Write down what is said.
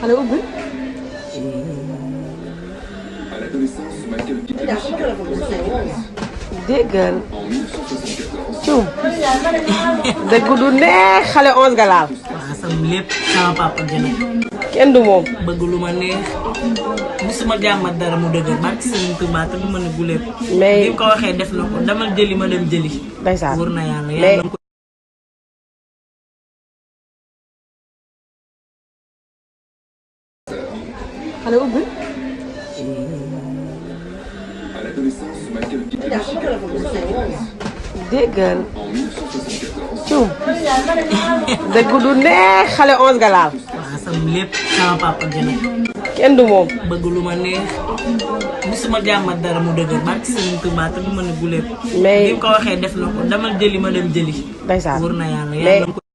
Hallå Ubbe. déggal. Thium. dëgg du neex xale 11 nga laal. Ah, sama lépp sama kenn du moom. bëgg lu ma neex. musuma jàmmat dara mu dëgg ba ci Sëriñ Tuubaa te du ma ne guléet. mais ni ko waxee def na ko dama jëli ma dem jëli. ndeysaan wër na yàlla yàlla xale ubbi. déggal. Thium. dëgg du neex xale onze nga kenn du moom. bëgg lu ma neex. musuma jàmmat dara mu dëgg ba ci Sëriñ Tuubaa te du ma ne mais ni ko waxee def na ko dama jëli ma dem jëli. ndeysaan wóor na yàlla yàlla